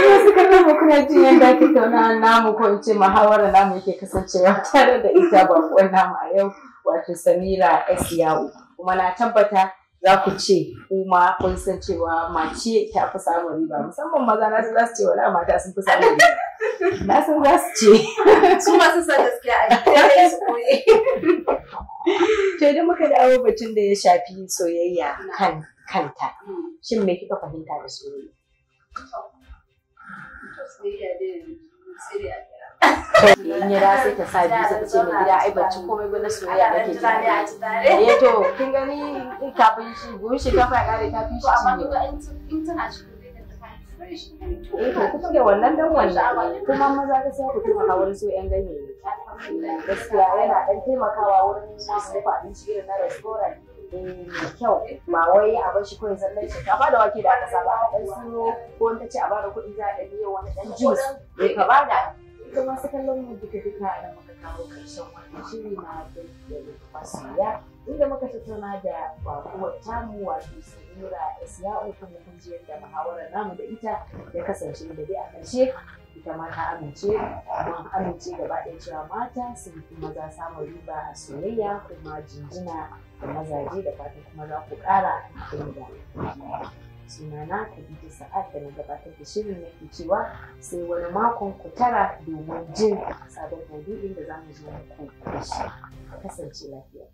Kuma suka kama kuna jin yadda ake tauna namu ko ce muhawara namu yake kasancewa tare da ita bakon namu a yau wato Samira S Yawo. Kuma na tabbata za ku ce kuma kun san cewa mace ta fi samun riba musamman maza na za su ce wala mata sun fi samun riba. Na san za su ce. Su masu sa gaskiya a yi su koye. To idan muka dawo batun da ya shafi soyayya kan kanta. Shin me kika fahimta da soyayya? in yi sai ta sa biyu sai ta ce mai gida ai bacci komai ba na soyayya da ke tunani to kin gani shi ya kare ta fi shi kuma da wannan dan wannan kuma maza da sai ku taimaka wani so yan gaskiya yana dan taimakawa wurin su abinci irin na restaurant mai kyau ba wai a bar shi kawai zallan da wake da aka saba a ɗan suno ko wani ta ce a bada kuɗi za a ɗan wani ɗan juice mai ka bada ita masu kallon mu duka duka a nan muka kawo ƙarshen wannan shiri na masoya inda muka tattauna da bakuwar tamu wato sanura isiya'u kuma kun muhawarar namu da ita ya kasance da dai a ƙarshe zama ta amince amince gaba ɗaya cewa mata sun fi maza samun riba a soyayya kuma jinjina da mazaje da fatan kuma za ku ƙara da ta Khadija Sa'ad da na gabatar da shirin nake cewa sai wani makon ku tara domin jin sabon maudu'in da za mu zo muku da shi kasance lafiya